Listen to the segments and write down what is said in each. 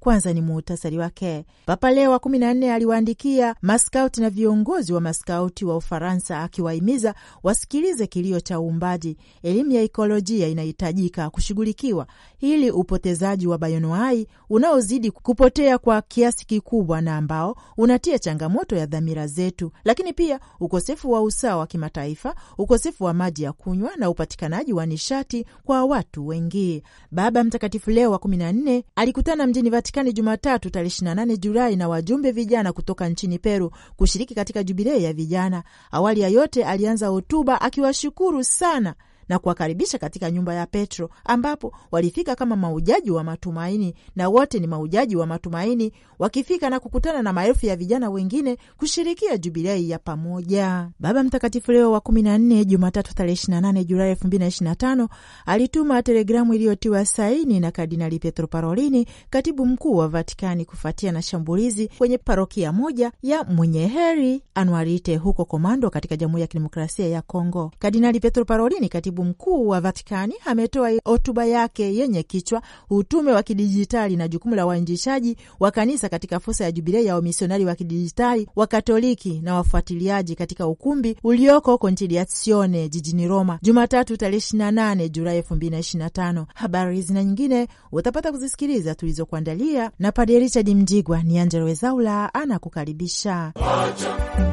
kwanza ni muhutasari wake. Papa Leo wa kumi na nne aliwaandikia maskauti na viongozi wa maskauti wa Ufaransa akiwahimiza wasikilize kilio cha uumbaji. Elimu ya ikolojia inahitajika kushughulikiwa ili upotezaji wa bayonoai unaozidi kupotea kwa kiasi kikubwa na ambao unatia changamoto ya dhamira zetu, lakini pia ukosefu wa usawa wa kimataifa, ukosefu wa maji ya kunywa na upatikanaji wa nishati kwa watu wengi. Baba Mtakatifu Leo wa kumi na nne alikutana mjini Vatikani Vatikani Jumatatu tarehe 28 Julai na wajumbe vijana kutoka nchini Peru kushiriki katika jubilei ya vijana. Awali ya yote alianza hotuba akiwashukuru sana na kuwakaribisha katika nyumba ya Petro, ambapo walifika kama maujaji wa matumaini, na wote ni maujaji wa matumaini, wakifika na kukutana na maelfu ya vijana wengine kushirikia jubilei ya pamoja. Baba Mtakatifu Leo wa kumi na nne, Jumatatu tarehe ishirini na nane Julai elfu mbili na na tano alituma telegramu iliyotiwa saini na Kardinali Pietro Parolini, katibu mkuu wa Vatikani, kufuatia na shambulizi kwenye parokia moja ya mwenye heri Anuarite huko Komando katika Jamhuri ya Kidemokrasia ya Kongo. Kardinali Pietro Parolini, katibu katibu mkuu wa Vatikani ametoa hotuba yake yenye kichwa utume wa kidijitali na jukumu la wainjishaji wa kanisa katika fursa ya jubilei ya wamisionari wa kidijitali wa Katoliki na wafuatiliaji katika ukumbi ulioko Kontiliazione jijini Roma, Jumatatu tarehe 28 Julai 2025. Habari na nyingine utapata kuzisikiliza tulizokuandalia na Padre Richard Mjigwa. Ni Angelo Wezaula anakukaribisha. Acha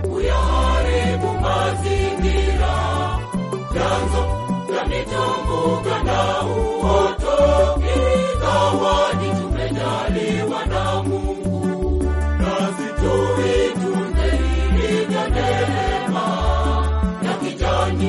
kuyaharibu mazingira, tumejaliwa na ya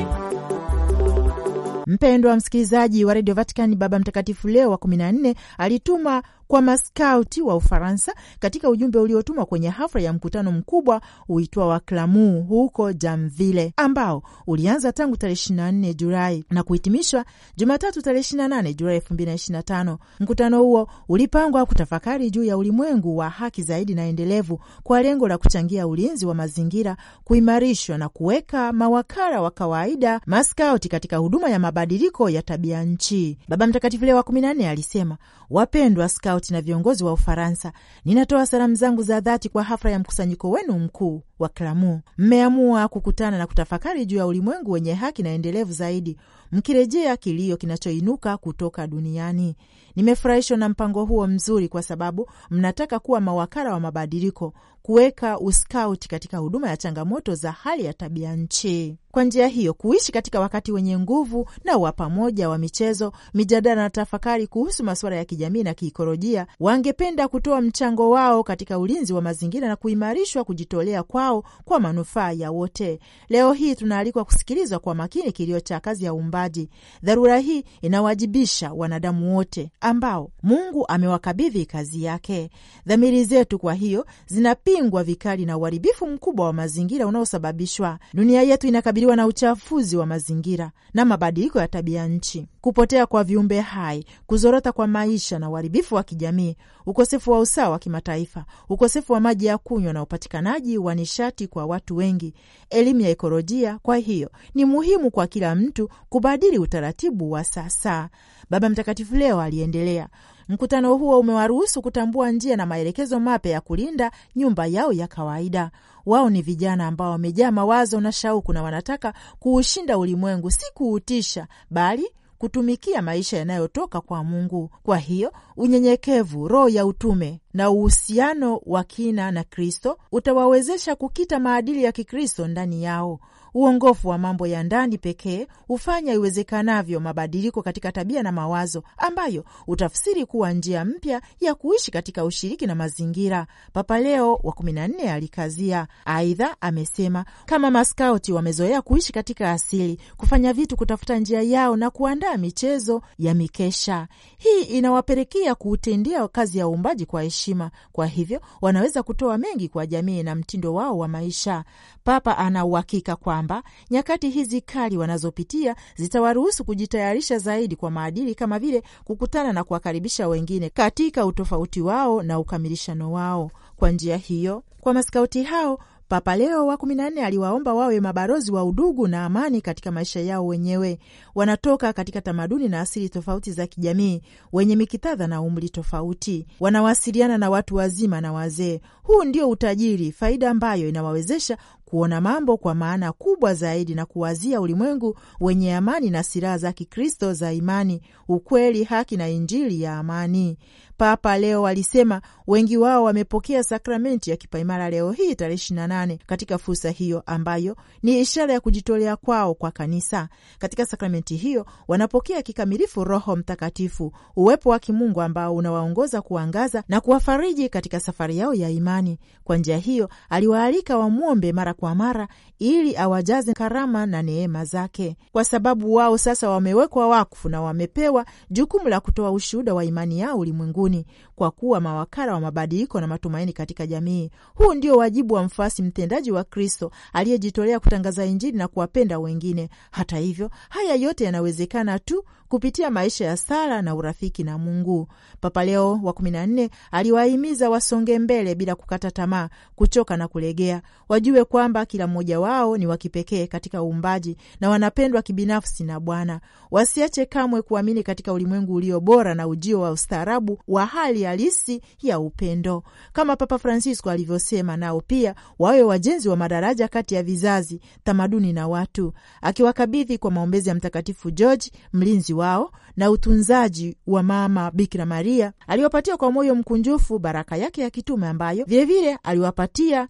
Mpendwa msikilizaji wa redio Vatikani, Baba Mtakatifu Leo wa 14 alituma kwa maskauti wa Ufaransa katika ujumbe uliotumwa kwenye hafla ya mkutano mkubwa uitwa wa Klamu huko Jamvile, ambao ulianza tangu tarehe 24 Julai na kuhitimishwa Jumatatu tarehe 28 Julai 2025. Mkutano huo ulipangwa kutafakari juu ya ulimwengu wa haki zaidi na endelevu kwa lengo la kuchangia ulinzi wa mazingira, kuimarishwa na kuweka mawakala wa kawaida maskauti katika huduma ya mabadiliko ya tabia nchi. Baba Mtakatifu Leo wa 14 alisema, wapendwa skauti Laut na viongozi wa Ufaransa, ninatoa salamu zangu za dhati kwa hafla ya mkusanyiko wenu mkuu wa Klamu mmeamua kukutana na kutafakari juu ya ulimwengu wenye haki na endelevu zaidi, mkirejea kilio kinachoinuka kutoka duniani. Nimefurahishwa na mpango huo mzuri, kwa sababu mnataka kuwa mawakala wa mabadiliko, kuweka uskauti katika huduma ya changamoto za hali ya tabia nchi, kwa njia hiyo kuishi katika wakati wenye nguvu na wa pamoja wa michezo, mijadala na tafakari kuhusu masuala ya kijamii na kiikolojia. Wangependa kutoa mchango wao katika ulinzi wa mazingira na kuimarishwa kujitolea kwa wao kwa manufaa ya wote. Leo hii tunaalikwa kusikilizwa kwa makini kilio cha kazi ya uumbaji. Dharura hii inawajibisha wanadamu wote ambao Mungu amewakabidhi kazi yake. Dhamiri zetu kwa hiyo zinapingwa vikali na uharibifu mkubwa wa mazingira unaosababishwa. Dunia yetu inakabiliwa na uchafuzi wa mazingira na mabadiliko ya tabia nchi, kupotea kwa viumbe hai, kuzorota kwa maisha na uharibifu wa kijamii, ukosefu wa usawa wa kimataifa, ukosefu wa maji ya kunywa na upatikanaji wa nishati nishati kwa watu wengi. Elimu ya ekolojia, kwa hiyo, ni muhimu kwa kila mtu kubadili utaratibu wa sasa. Baba Mtakatifu leo aliendelea Mkutano huo umewaruhusu kutambua njia na maelekezo mapya ya kulinda nyumba yao ya kawaida. Wao ni vijana ambao wamejaa mawazo na shauku na wanataka kuushinda ulimwengu, si kuutisha, bali kutumikia maisha yanayotoka kwa Mungu. Kwa hiyo unyenyekevu, roho ya utume na uhusiano wa kina na Kristo utawawezesha kukita maadili ya Kikristo ndani yao Uongofu wa mambo ya ndani pekee hufanya iwezekanavyo mabadiliko katika tabia na mawazo, ambayo utafsiri kuwa njia mpya ya kuishi katika ushiriki na mazingira. Papa Leo wa kumi na nne alikazia. Aidha amesema kama maskauti wamezoea kuishi katika asili, kufanya vitu, kutafuta njia yao na kuandaa michezo ya mikesha. Hii inawapelekea kuutendea kazi ya uumbaji kwa heshima, kwa hivyo wanaweza kutoa mengi kwa jamii na mtindo wao wa maisha. Papa ana uhakika kwa kwamba nyakati hizi kali wanazopitia zitawaruhusu kujitayarisha zaidi kwa maadili kama vile kukutana na kuwakaribisha wengine katika utofauti wao na ukamilishano wao. Kwa njia hiyo, kwa maskauti hao Papa Leo wa kumi na nne aliwaomba wawe mabalozi wa udugu na amani katika maisha yao wenyewe. Wanatoka katika tamaduni na asili tofauti za kijamii, wenye mikitadha na umri tofauti, wanawasiliana na watu wazima na wazee. Huu ndio utajiri, faida ambayo inawawezesha kuona mambo kwa maana kubwa zaidi na kuwazia ulimwengu wenye amani na silaha za Kikristo za imani, ukweli, haki na Injili ya amani. Papa leo alisema wengi wao wamepokea sakramenti ya kipaimara leo hii tarehe 28 katika fursa hiyo ambayo ni ishara ya kujitolea kwao kwa kanisa. Katika sakramenti hiyo wanapokea kikamilifu Roho Mtakatifu, uwepo wa kimungu ambao unawaongoza kuangaza na kuwafariji katika safari yao ya imani. Kwa njia hiyo aliwaalika wamwombe mara kwa mara ili awajaze karama na neema zake, kwa sababu wao sasa wamewekwa wakfu na wamepewa jukumu la kutoa ushuhuda wa imani yao ulimwenguni, kwa kuwa mawakala wa mabadiliko na matumaini katika jamii. Huu ndio wajibu wa mfasi mtendaji wa Kristo aliyejitolea kutangaza Injili na kuwapenda wengine. Hata hivyo, haya yote yanawezekana tu kupitia maisha ya sala na urafiki na Mungu. Papa Leo wa kumi na nne aliwahimiza wasonge mbele bila kukata tamaa, kuchoka na kulegea, wajue kwa kwamba kila mmoja wao ni wa kipekee katika uumbaji na wanapendwa kibinafsi na Bwana. Wasiache kamwe kuamini katika ulimwengu ulio bora na ujio wa ustaarabu wa hali halisi ya upendo, kama Papa Francisco alivyosema. Nao pia wawe wajenzi wa madaraja kati ya vizazi, tamaduni na watu, akiwakabidhi kwa maombezi ya Mtakatifu George, mlinzi wao na utunzaji wa Mama Bikira Maria, aliwapatia kwa moyo mkunjufu baraka yake ya kitume ambayo vilevile aliwapatia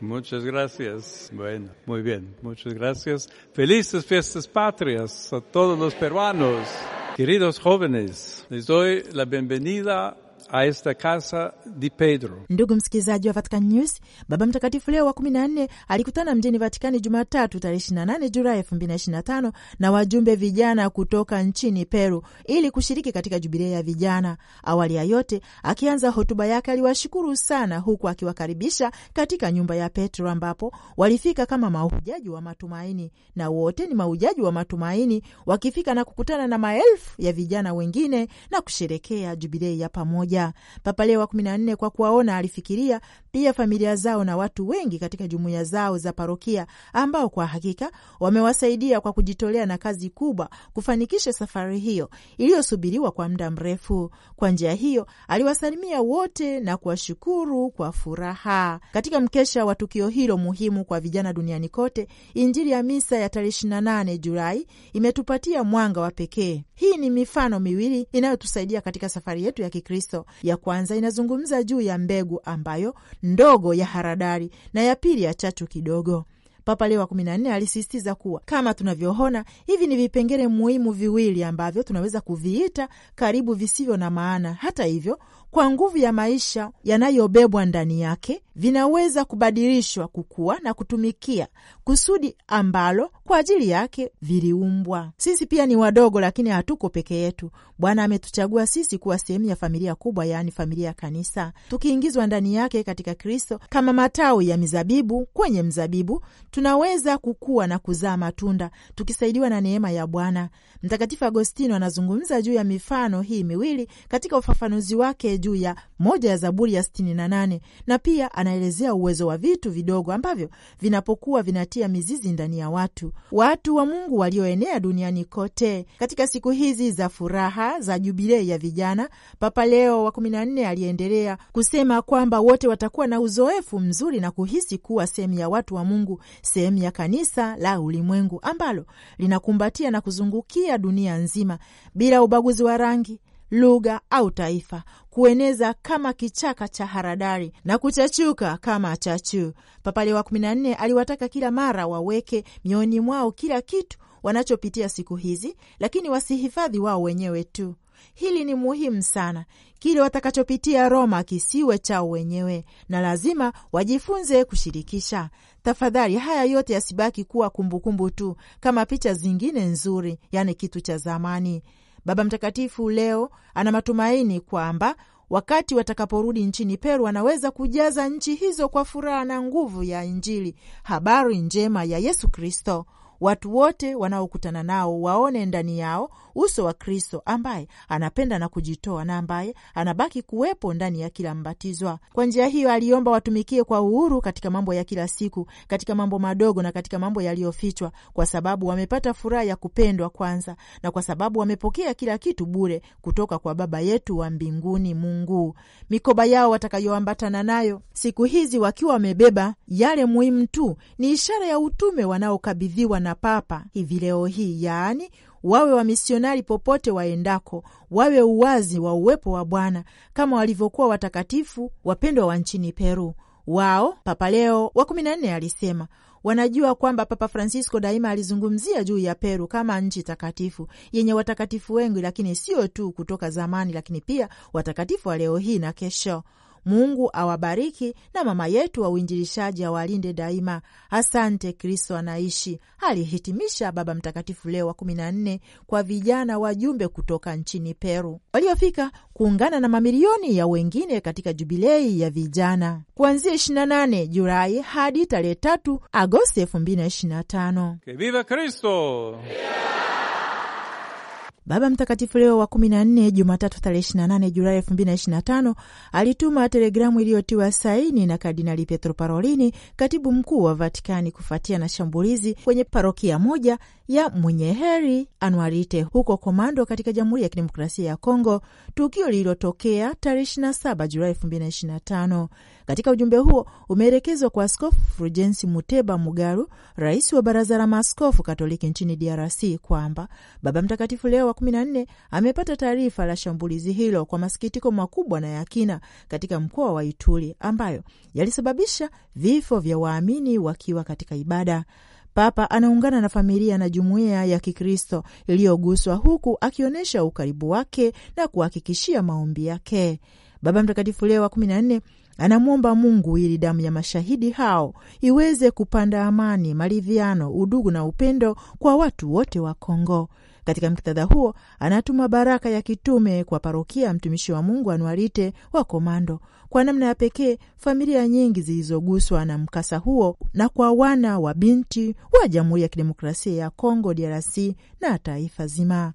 Muchas gracias. Bueno, muy bien. Muchas gracias. Felices fiestas patrias a todos los peruanos. Queridos jóvenes, les doy la bienvenida Aesta casa di Pedro. Ndugu msikilizaji wa Vatican News, Baba Mtakatifu Leo wa 14 alikutana mjini Vatikani Jumatatu tarehe 28 Julai 2025 na wajumbe vijana kutoka nchini Peru ili kushiriki katika jubilei ya vijana. Awali ya yote, akianza hotuba yake aliwashukuru sana, huku akiwakaribisha katika nyumba ya Petro ambapo walifika kama mahujaji wa matumaini, na wote ni mahujaji wa matumaini wakifika na kukutana na maelfu ya vijana wengine na kusherekea jubilei ya pamoja pamoja. Papa Leo wa kumi na nne, kwa kuwaona alifikiria pia familia zao na watu wengi katika jumuiya zao za parokia ambao kwa hakika wamewasaidia kwa kujitolea na kazi kubwa kufanikisha safari hiyo iliyosubiriwa kwa muda mrefu. Kwa njia hiyo aliwasalimia wote na kuwashukuru kwa furaha. Katika mkesha wa tukio hilo muhimu kwa vijana duniani kote, Injili ya misa ya tarehe 28 Julai imetupatia mwanga wa pekee. Hii ni mifano miwili inayotusaidia katika safari yetu ya Kikristo Kristo. Ya kwanza inazungumza juu ya mbegu ambayo ndogo ya haradari na ya pili ya chachu kidogo. Papa Leo wa kumi na nne alisisitiza kuwa kama tunavyoona hivi ni vipengele muhimu viwili ambavyo tunaweza kuviita karibu visivyo na maana. Hata hivyo, kwa nguvu ya maisha yanayobebwa ndani yake, vinaweza kubadilishwa, kukua na kutumikia kusudi ambalo kwa ajili yake viliumbwa. Sisi pia ni wadogo, lakini hatuko peke yetu. Bwana ametuchagua sisi kuwa sehemu ya familia kubwa, yaani familia ya kanisa. Tukiingizwa ndani yake katika Kristo kama matawi ya mizabibu kwenye mzabibu, tunaweza kukua na kuzaa matunda, tukisaidiwa na neema ya Bwana. Mtakatifu Agostino anazungumza juu ya mifano hii miwili katika ufafanuzi wake juu ya moja ya Zaburi ya sitini na nane na pia anaelezea uwezo wa vitu vidogo ambavyo vinapokuwa vinatia mizizi ndani ya watu watu wa Mungu walioenea duniani kote. Katika siku hizi za furaha za Jubilei ya vijana, Papa Leo wa kumi na nne aliendelea kusema kwamba wote watakuwa na uzoefu mzuri na kuhisi kuwa sehemu ya watu wa Mungu, sehemu ya kanisa la ulimwengu ambalo linakumbatia na kuzungukia dunia nzima bila ubaguzi wa rangi lugha au taifa, kueneza kama kichaka cha haradari na kuchachuka kama chachuu. Papale wa kumi na nne aliwataka kila mara waweke mioni mwao kila kitu wanachopitia siku hizi, lakini wasihifadhi wao wenyewe tu. Hili ni muhimu sana. Kile watakachopitia Roma kisiwe chao wenyewe, na lazima wajifunze kushirikisha. Tafadhali, haya yote yasibaki kuwa kumbukumbu tu, kama picha zingine nzuri, yani kitu cha zamani. Baba Mtakatifu leo ana matumaini kwamba wakati watakaporudi nchini Peru anaweza kujaza nchi hizo kwa furaha na nguvu ya Injili, habari njema ya Yesu Kristo watu wote wanaokutana nao waone ndani yao uso wa Kristo ambaye anapenda na kujitoa na ambaye anabaki kuwepo ndani ya kila mbatizwa. Kwa njia hiyo, aliomba watumikie kwa uhuru katika mambo ya kila siku, katika mambo madogo na katika mambo yaliyofichwa, kwa sababu wamepata furaha ya kupendwa kwanza, na kwa sababu wamepokea kila kitu bure kutoka kwa Baba yetu wa mbinguni Mungu. Mikoba yao watakayoambatana nayo siku hizi wakiwa wamebeba yale muhimu tu, ni ishara ya utume wanaokabidhiwa na Papa hivi leo hii, yaani wawe wamisionari popote waendako, wawe uwazi wa uwepo wa Bwana kama walivyokuwa watakatifu wapendwa wa nchini Peru. Wao Papa Leo wa kumi na nne alisema wanajua kwamba Papa Francisco daima alizungumzia juu ya Peru kama nchi takatifu yenye watakatifu wengi, lakini sio tu kutoka zamani, lakini pia watakatifu wa leo hii na kesho. Mungu awabariki na mama yetu wa uinjilishaji awalinde daima. Asante, Kristo anaishi, alihitimisha Baba Mtakatifu Leo wa kumi na nne kwa vijana wajumbe kutoka nchini Peru waliofika kuungana na mamilioni ya wengine katika jubilei ya vijana kuanzia 28 Julai hadi tarehe 3 Agosti 2025. Que viva Kristo! Baba Mtakatifu Leo wa kumi na nne Jumatatu tarehe 28 Julai 2025 alituma telegramu iliyotiwa saini na Kardinali Pietro Parolini, katibu mkuu wa Vatikani, kufuatia na shambulizi kwenye parokia moja ya mwenye heri Anuarite huko Komando katika Jamhuri ya Kidemokrasia ya Kongo, tukio lililotokea tarehe 27 Julai 2025. Katika ujumbe huo umeelekezwa kwa Askofu frujensi Muteba Mugaru, rais wa Baraza la Maaskofu Katoliki nchini DRC kwamba Baba Mtakatifu Leo wa kumi na nne amepata taarifa la shambulizi hilo kwa masikitiko makubwa na ya kina katika mkoa wa Ituri ambayo yalisababisha vifo vya waamini wakiwa katika ibada. Papa anaungana na familia na jumuiya ya Kikristo iliyoguswa huku akionyesha ukaribu wake na kuhakikishia maombi yake. Baba Mtakatifu Leo wa kumi na nne Anamwomba Mungu ili damu ya mashahidi hao iweze kupanda amani, maridhiano, udugu na upendo kwa watu wote wa Kongo. Katika muktadha huo anatuma baraka ya kitume kwa parokia mtumishi wa Mungu Anuarite wa Komando. Kwa namna ya pekee familia nyingi zilizoguswa na mkasa huo, na kwa wana wa binti wa Jamhuri ya Kidemokrasia ya Kongo DRC na taifa zima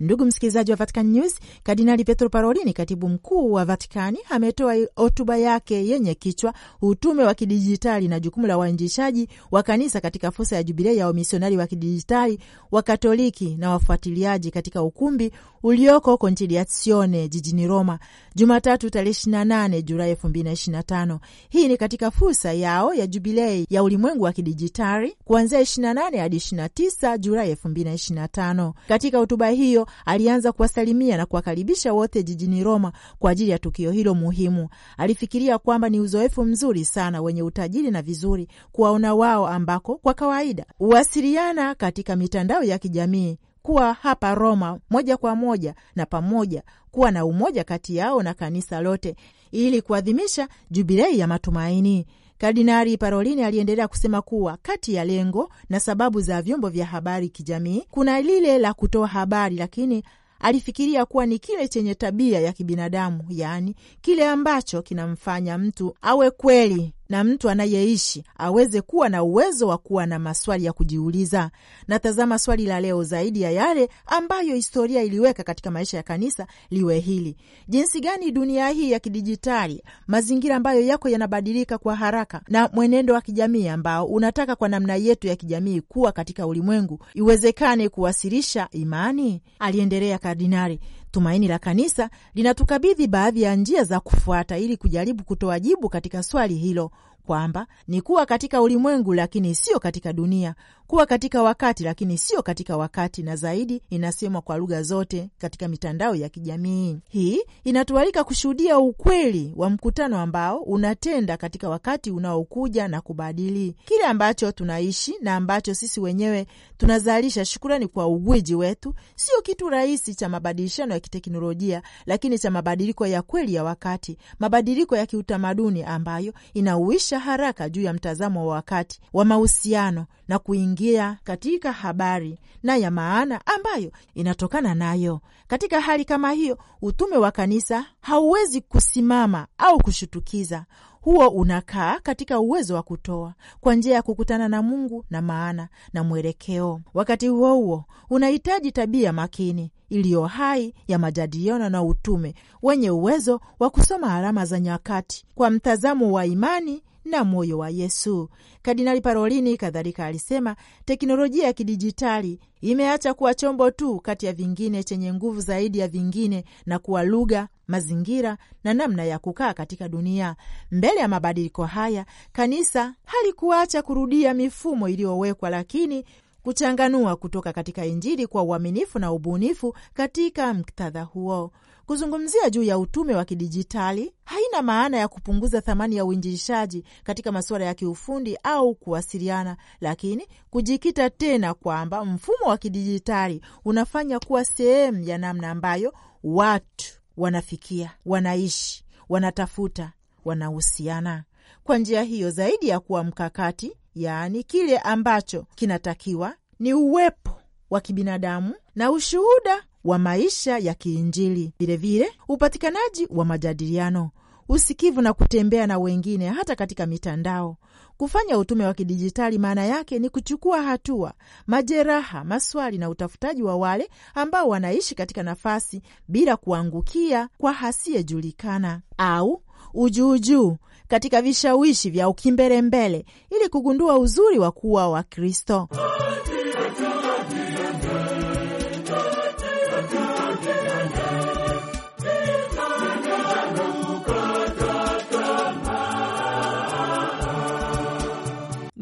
Ndugu msikilizaji wa Vatican News, Kardinali Petro Parolini, katibu mkuu wa vaticani ametoa hotuba yake yenye kichwa utume wa kidijitali na jukumu la wainjishaji wa kanisa katika fursa ya jubilei ya wamisionari wa kidijitali wa Katoliki na wafuatiliaji katika ukumbi ulioko Kontiliazione jijini Roma, Jumatatu tarehe 28 Julai 2025. Hii ni katika fursa yao ya jubilei ya ulimwengu wa kidijitali kuanzia 28 hadi 29 Julai 2025. Katika hotuba hiyo alianza kuwasalimia na kuwakaribisha wote jijini Roma kwa ajili ya tukio hilo muhimu. Alifikiria kwamba ni uzoefu mzuri sana wenye utajiri na vizuri kuwaona wao ambako kwa kawaida huwasiliana katika mitandao ya kijamii kuwa hapa Roma moja kwa moja na pamoja kuwa na umoja kati yao na kanisa lote ili kuadhimisha jubilei ya matumaini. Kardinari Parolini aliendelea kusema kuwa kati ya lengo na sababu za vyombo vya habari kijamii kuna lile la kutoa habari, lakini alifikiria kuwa ni kile chenye tabia ya kibinadamu, yaani kile ambacho kinamfanya mtu awe kweli na mtu anayeishi aweze kuwa na uwezo wa kuwa na maswali ya kujiuliza. Natazama swali la leo zaidi ya yale ambayo historia iliweka katika maisha ya kanisa liwe hili: jinsi gani dunia hii ya kidijitali, mazingira ambayo yako yanabadilika kwa haraka, na mwenendo wa kijamii ambao unataka kwa namna yetu ya kijamii kuwa katika ulimwengu, iwezekane kuwasilisha imani, aliendelea kardinali. Tumaini la Kanisa linatukabidhi baadhi ya njia za kufuata ili kujaribu kutoa jibu katika swali hilo kwamba ni kuwa katika ulimwengu lakini sio katika dunia, kuwa katika wakati lakini sio katika wakati, na zaidi inasemwa kwa lugha zote katika mitandao ya kijamii. Hii inatualika kushuhudia ukweli wa mkutano ambao unatenda katika wakati unaokuja na kubadili kile ambacho tunaishi na ambacho sisi wenyewe tunazalisha. Shukurani kwa ugwiji wetu, sio kitu rahisi cha mabadilishano ya kiteknolojia, lakini cha mabadiliko ya kweli ya wakati, mabadiliko ya kiutamaduni ambayo inauisha haraka juu ya mtazamo wa wakati wa mahusiano na kuingia katika habari na ya maana ambayo inatokana nayo. Katika hali kama hiyo, utume wa kanisa hauwezi kusimama au kushutukiza huo unakaa katika uwezo wa kutoa kwa njia ya kukutana na Mungu na maana na mwelekeo. Wakati huo huo unahitaji tabia makini iliyo hai ya majadiliano na utume wenye uwezo wa kusoma alama za nyakati kwa mtazamo wa imani na moyo wa Yesu. Kardinali Parolini kadhalika alisema teknolojia ya kidijitali imeacha kuwa chombo tu kati ya vingine chenye nguvu zaidi ya vingine na kuwa lugha, mazingira na namna ya kukaa katika dunia. Mbele ya mabadiliko haya, kanisa halikuacha kurudia mifumo iliyowekwa, lakini kuchanganua kutoka katika Injili kwa uaminifu na ubunifu katika mktadha huo. Kuzungumzia juu ya utume wa kidijitali haina maana ya kupunguza thamani ya uinjilishaji katika masuala ya kiufundi au kuwasiliana, lakini kujikita tena kwamba mfumo wa kidijitali unafanya kuwa sehemu ya namna ambayo watu wanafikia, wanaishi, wanatafuta, wanahusiana. Kwa njia hiyo, zaidi ya kuwa mkakati, yaani kile ambacho kinatakiwa ni uwepo wa kibinadamu na ushuhuda wa maisha ya kiinjili, vilevile upatikanaji wa majadiliano, usikivu na kutembea na wengine, hata katika mitandao. Kufanya utume wa kidijitali maana yake ni kuchukua hatua, majeraha, maswali na utafutaji wa wale ambao wanaishi katika nafasi bila kuangukia kwa hasiyejulikana au ujuujuu katika vishawishi vya ukimbelembele ili kugundua uzuri wa kuwa Wakristo.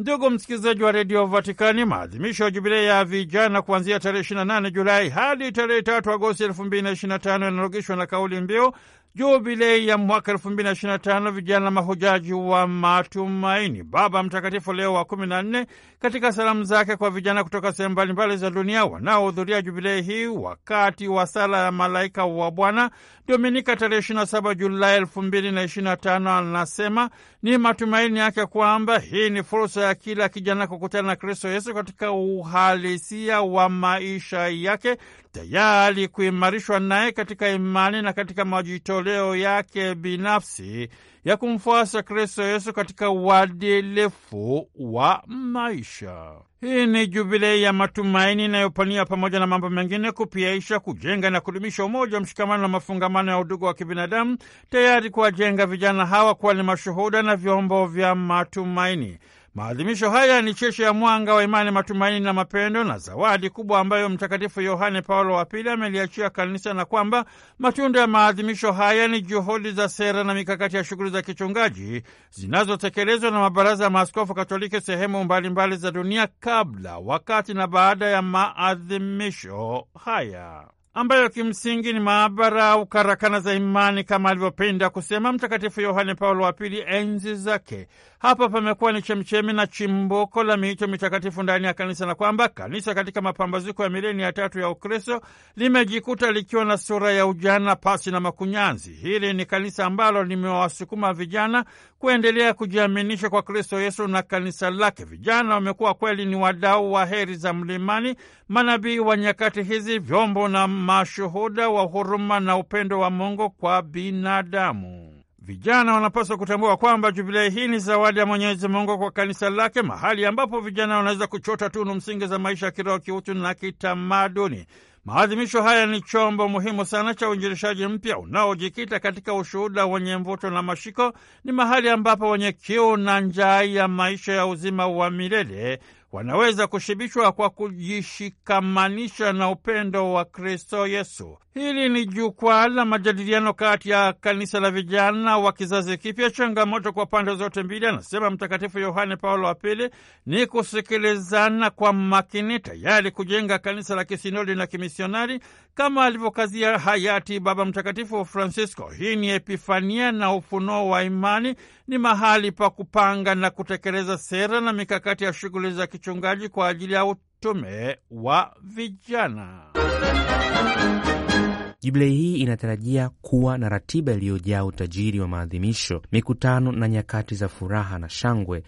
Ndugu msikilizaji wa redio Vatikani, maadhimisho ya jubilei ya vijana kuanzia tarehe 28 Julai hadi tarehe 3 Agosti 2025 yanarogeshwa na kauli mbiu jubilei ya mwaka elfu mbili na ishirini na tano vijana mahujaji wa matumaini. Baba Mtakatifu Leo wa kumi na nne katika salamu zake kwa vijana kutoka sehemu mbalimbali za dunia wanaohudhuria jubilei hii wakati wa sala ya malaika wa Bwana Dominika tarehe ishirini na saba Julai elfu mbili na ishirini na tano anasema ni matumaini yake kwamba hii ni fursa ya kila kijana kukutana na Kristo Yesu katika uhalisia wa maisha yake tayari kuimarishwa naye katika imani na katika majitoleo yake binafsi ya kumfuasa Kristo Yesu katika uadilifu wa maisha. Hii ni jubilei ya matumaini inayopania pamoja na mambo mengine kupiaisha, kujenga na kudumisha umoja, wa mshikamano na mafungamano ya udugu wa kibinadamu, tayari kuwajenga vijana hawa kuwa ni mashuhuda na vyombo vya matumaini. Maadhimisho haya ni cheche ya mwanga wa imani, matumaini na mapendo, na zawadi kubwa ambayo Mtakatifu Yohane Paulo wa Pili ameliachia kanisa, na kwamba matunda ya maadhimisho haya ni juhudi za sera na mikakati ya shughuli za kichungaji zinazotekelezwa na mabaraza ya maaskofu Katoliki sehemu mbalimbali mbali za dunia, kabla, wakati na baada ya maadhimisho haya ambayo kimsingi ni maabara au karakana za imani kama alivyopenda kusema Mtakatifu Yohane Paulo wa Pili enzi zake. Hapa pamekuwa ni chemchemi na chimbuko la miito mitakatifu ndani ya kanisa, na kwamba kanisa katika mapambazuko ya mileni ya tatu ya Ukristo limejikuta likiwa na sura ya ujana pasi na makunyanzi. Hili ni kanisa ambalo limewasukuma vijana kuendelea kujiaminisha kwa Kristo Yesu na kanisa lake. Vijana wamekuwa kweli ni wadau wa heri za mlimani, manabii wa nyakati hizi, vyombo na mashuhuda wa huruma na upendo wa Mungu kwa binadamu. Vijana wanapaswa kutambua kwamba jubilei hii ni zawadi ya Mwenyezi Mungu kwa kanisa lake, mahali ambapo vijana wanaweza kuchota tunu msingi za maisha ya kiroho, kiutu na kitamaduni. Maadhimisho haya ni chombo muhimu sana cha uinjilishaji mpya unaojikita katika ushuhuda wenye mvuto na mashiko. Ni mahali ambapo wenye kiu na njaa ya maisha ya uzima wa milele wanaweza kushibishwa kwa kujishikamanisha na upendo wa Kristo Yesu. Hili ni jukwaa la majadiliano kati ya kanisa la vijana wa kizazi kipya, changamoto kwa pande zote mbili, anasema Mtakatifu Yohane Paulo wa Pili, ni kusikilizana kwa makini, tayari kujenga kanisa la kisinodi na kimisionari kama alivyokazia hayati Baba Mtakatifu Francisco. Hii ni Epifania na ufunuo wa imani, ni mahali pa kupanga na kutekeleza sera na mikakati ya shughuli za kichungaji kwa ajili ya utume wa vijana. Jubilei hii inatarajia kuwa na ratiba iliyojaa utajiri wa maadhimisho, mikutano na nyakati za furaha na shangwe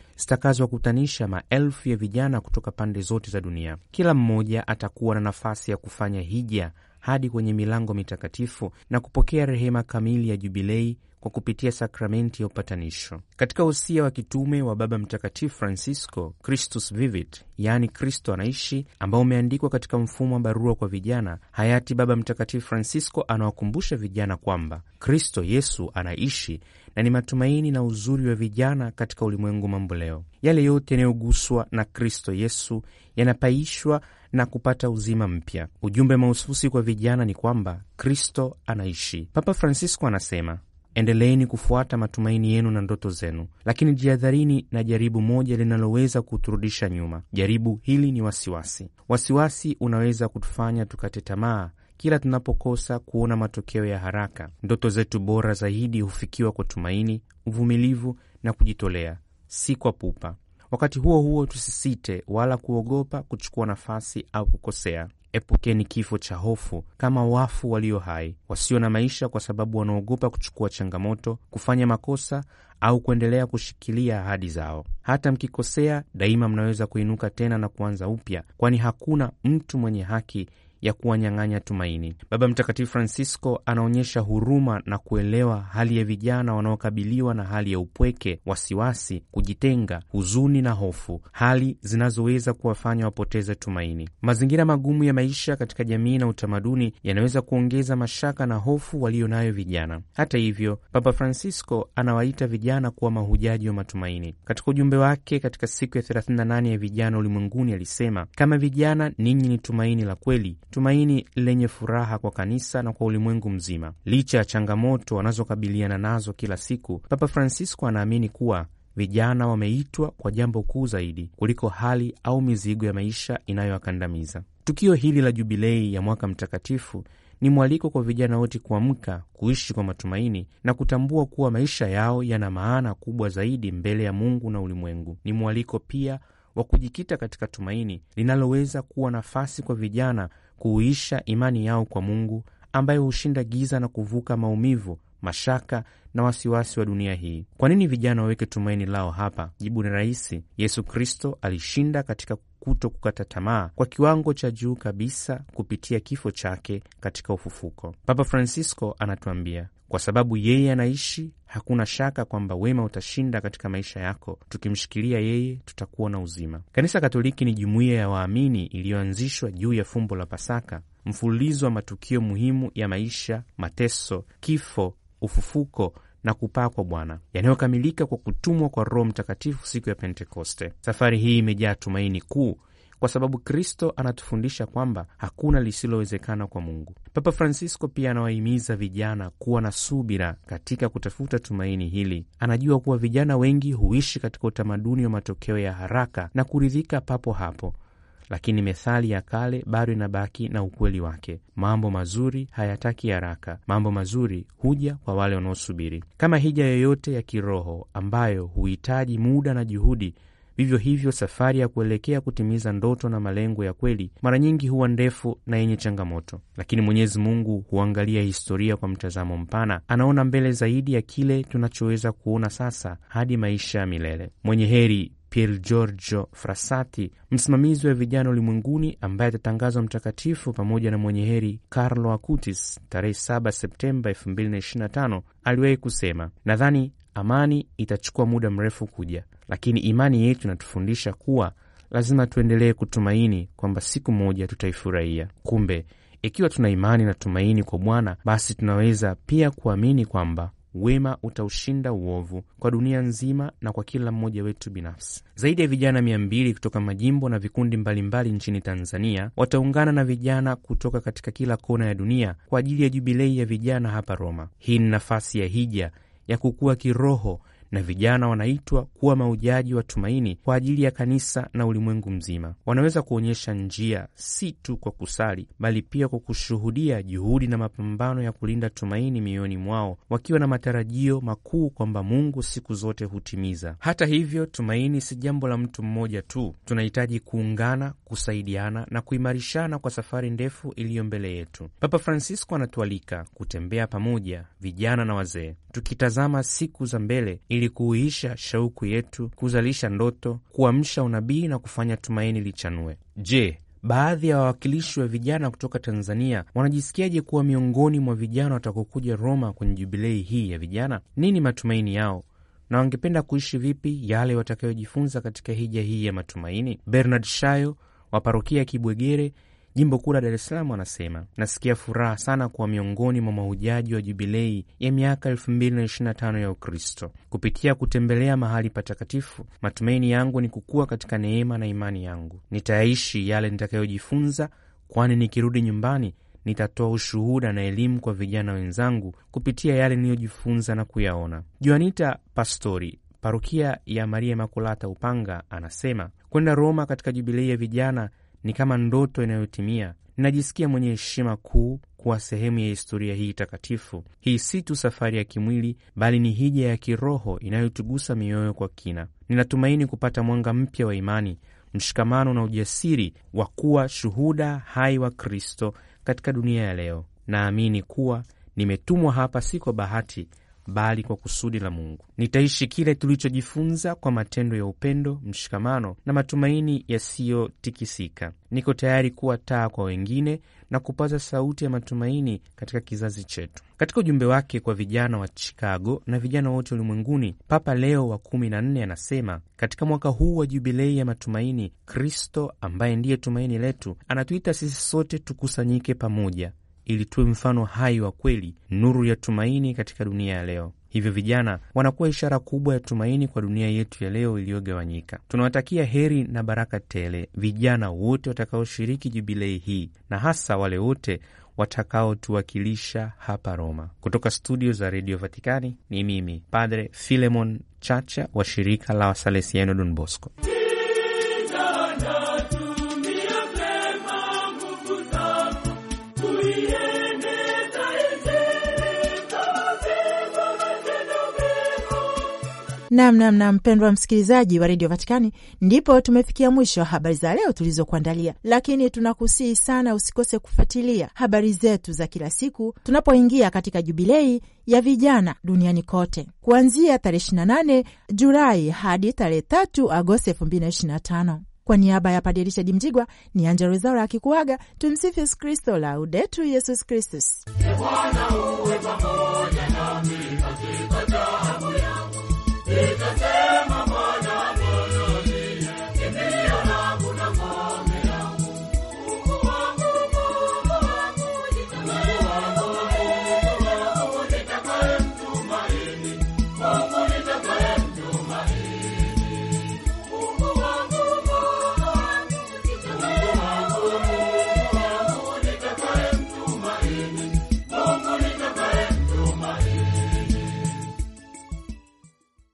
kukutanisha maelfu ya vijana kutoka pande zote za dunia. Kila mmoja atakuwa na nafasi ya kufanya hija hadi kwenye milango mitakatifu na kupokea rehema kamili ya Jubilei kwa kupitia sakramenti ya upatanisho. Katika usia wa kitume wa Baba Mtakatifu Francisco, Christus Vivit, yaani Kristo anaishi, ambao umeandikwa katika mfumo wa barua kwa vijana, hayati Baba Mtakatifu Francisco anawakumbusha vijana kwamba Kristo Yesu anaishi na ni matumaini na uzuri wa vijana katika ulimwengu mambo leo. Yale yote yanayoguswa na Kristo Yesu yanapaishwa na kupata uzima mpya. Ujumbe mahususi kwa vijana ni kwamba Kristo anaishi. Papa Francisco anasema Endeleeni kufuata matumaini yenu na ndoto zenu, lakini jihadharini na jaribu moja linaloweza kuturudisha nyuma. Jaribu hili ni wasiwasi. Wasiwasi unaweza kutufanya tukate tamaa kila tunapokosa kuona matokeo ya haraka. Ndoto zetu bora zaidi hufikiwa kwa tumaini, uvumilivu na kujitolea, si kwa pupa. Wakati huo huo, tusisite wala kuogopa kuchukua nafasi au kukosea. Epukeni kifo cha hofu kama wafu walio hai wasio na maisha, kwa sababu wanaogopa kuchukua changamoto, kufanya makosa au kuendelea kushikilia ahadi zao. Hata mkikosea, daima mnaweza kuinuka tena na kuanza upya, kwani hakuna mtu mwenye haki ya kuwanyang'anya tumaini. Baba Mtakatifu Francisco anaonyesha huruma na kuelewa hali ya vijana wanaokabiliwa na hali ya upweke, wasiwasi, kujitenga, huzuni na hofu, hali zinazoweza kuwafanya wapoteze tumaini. Mazingira magumu ya maisha katika jamii na utamaduni yanaweza kuongeza mashaka na hofu nayo vijana. Hata hivyo, Papa Francisco anawaita vijana kuwa mahujaji wa matumaini. Katika ujumbe wake katika siku ya 38 ya vijana ulimwenguni alisema, kama vijana, ninyi ni tumaini la kweli tumaini lenye furaha kwa kanisa na kwa ulimwengu mzima. Licha ya changamoto wanazokabiliana nazo kila siku, Papa Francisco anaamini kuwa vijana wameitwa kwa jambo kuu zaidi kuliko hali au mizigo ya maisha inayowakandamiza. Tukio hili la jubilei ya mwaka mtakatifu ni mwaliko kwa vijana wote kuamka, kuishi kwa matumaini na kutambua kuwa maisha yao yana maana kubwa zaidi mbele ya Mungu na ulimwengu. Ni mwaliko pia wa kujikita katika tumaini linaloweza kuwa nafasi kwa vijana kuuisha imani yao kwa Mungu ambaye hushinda giza na kuvuka maumivu, mashaka na wasiwasi wa dunia hii. Kwa nini vijana waweke tumaini lao hapa? Jibu ni rahisi. Yesu Kristo alishinda katika kuto kukata tamaa kwa kiwango cha juu kabisa kupitia kifo chake katika ufufuko. Papa Francisco anatuambia, kwa sababu yeye anaishi, Hakuna shaka kwamba wema utashinda katika maisha yako. Tukimshikilia yeye, tutakuwa na uzima. Kanisa Katoliki ni jumuiya ya waamini iliyoanzishwa juu ya fumbo la Pasaka, mfululizo wa matukio muhimu ya maisha, mateso, kifo, ufufuko na kupaa kwa Bwana yanayokamilika kwa kutumwa kwa Roho Mtakatifu siku ya Pentekoste. Safari hii imejaa tumaini kuu kwa sababu Kristo anatufundisha kwamba hakuna lisilowezekana kwa Mungu. Papa Francisco pia anawahimiza vijana kuwa na subira katika kutafuta tumaini hili. Anajua kuwa vijana wengi huishi katika utamaduni wa matokeo ya haraka na kuridhika papo hapo, lakini methali ya kale bado inabaki na ukweli wake: mambo mazuri hayataki haraka, mambo mazuri huja kwa wale wanaosubiri. Kama hija yoyote ya kiroho ambayo huhitaji muda na juhudi Vivyo hivyo, safari ya kuelekea kutimiza ndoto na malengo ya kweli mara nyingi huwa ndefu na yenye changamoto, lakini Mwenyezi Mungu huangalia historia kwa mtazamo mpana. Anaona mbele zaidi ya kile tunachoweza kuona sasa hadi maisha ya milele. Mwenye heri Pier Giorgio Frassati, msimamizi wa vijana ulimwenguni, ambaye atatangazwa mtakatifu pamoja na mwenye heri Carlo Acutis tarehe 7 Septemba 2025, aliwahi kusema, nadhani Amani itachukua muda mrefu kuja, lakini imani yetu inatufundisha kuwa lazima tuendelee kutumaini kwamba siku moja tutaifurahia. Kumbe ikiwa tuna imani na tumaini kwa Bwana, basi tunaweza pia kuamini kwamba wema utaushinda uovu kwa dunia nzima na kwa kila mmoja wetu binafsi. Zaidi ya vijana mia mbili kutoka majimbo na vikundi mbalimbali nchini Tanzania wataungana na vijana kutoka katika kila kona ya dunia kwa ajili ya jubilei ya vijana hapa Roma. Hii ni nafasi ya hija ya kukua kiroho na vijana wanaitwa kuwa maujaji wa tumaini kwa ajili ya kanisa na ulimwengu mzima. Wanaweza kuonyesha njia si tu kwa kusali, bali pia kwa kushuhudia juhudi na mapambano ya kulinda tumaini mioyoni mwao, wakiwa na matarajio makuu kwamba Mungu siku zote hutimiza. Hata hivyo, tumaini si jambo la mtu mmoja tu. Tunahitaji kuungana, kusaidiana na kuimarishana kwa safari ndefu iliyo mbele yetu. Papa Francisco anatualika kutembea pamoja, vijana na wazee, tukitazama siku za mbele ili kuuisha shauku yetu, kuzalisha ndoto, kuamsha unabii na kufanya tumaini lichanue. Je, baadhi ya wawakilishi wa vijana kutoka Tanzania wanajisikiaje kuwa miongoni mwa vijana watakokuja Roma kwenye jubilei hii ya vijana? Nini matumaini yao na wangependa kuishi vipi yale watakayojifunza katika hija hii ya matumaini? Bernard Shayo wa parokia Kibwegere jimbo kuu la Dar es Salaam, anasema nasikia furaha sana kuwa miongoni mwa mahujaji wa jubilei ya miaka 2025 ya Ukristo. Kupitia kutembelea mahali patakatifu, matumaini yangu ni kukua katika neema na imani yangu. Nitayaishi yale nitakayojifunza, kwani nikirudi nyumbani nitatoa ushuhuda na elimu kwa vijana wenzangu kupitia yale niliyojifunza na kuyaona. Joanita Pastori, parokia ya Maria Makulata Upanga, anasema kwenda Roma katika jubilei ya vijana ni kama ndoto inayotimia. Ninajisikia mwenye heshima kuu kuwa sehemu ya historia hii takatifu. Hii si tu safari ya kimwili, bali ni hija ya kiroho inayotugusa mioyo kwa kina. Ninatumaini kupata mwanga mpya wa imani, mshikamano na ujasiri wa kuwa shuhuda hai wa Kristo katika dunia ya leo. Naamini kuwa nimetumwa hapa si kwa bahati, bali kwa kusudi la Mungu. Nitaishi kile tulichojifunza kwa matendo ya upendo, mshikamano na matumaini yasiyotikisika. Niko tayari kuwa taa kwa wengine na kupaza sauti ya matumaini katika kizazi chetu. Katika ujumbe wake kwa vijana wa Chicago na vijana wote ulimwenguni, Papa Leo wa kumi na nne anasema katika mwaka huu wa jubilei ya matumaini, Kristo ambaye ndiye tumaini letu anatuita sisi sote tukusanyike pamoja ili tuwe mfano hai wa kweli, nuru ya tumaini katika dunia ya leo. Hivyo vijana wanakuwa ishara kubwa ya tumaini kwa dunia yetu ya leo iliyogawanyika. Tunawatakia heri na baraka tele vijana wote watakaoshiriki jubilei hii na hasa wale wote watakaotuwakilisha hapa Roma. Kutoka studio za redio Vatikani ni mimi Padre Filemon Chacha wa shirika la Wasalesiano Don Bosco. Namnamna mpendwa msikilizaji wa redio Vatikani, ndipo tumefikia mwisho wa habari za leo tulizokuandalia, lakini tunakusihi sana usikose kufuatilia habari zetu za kila siku tunapoingia katika jubilei ya vijana duniani kote kuanzia tarehe 28 Julai hadi tarehe 3 Agosti 2025. Kwa niaba ya Padre Richard Mjigwa ni Anja Rezaura akikuaga. Tumsifu Yesu Kristo, Laudetur Yesus Kristus. Jesus.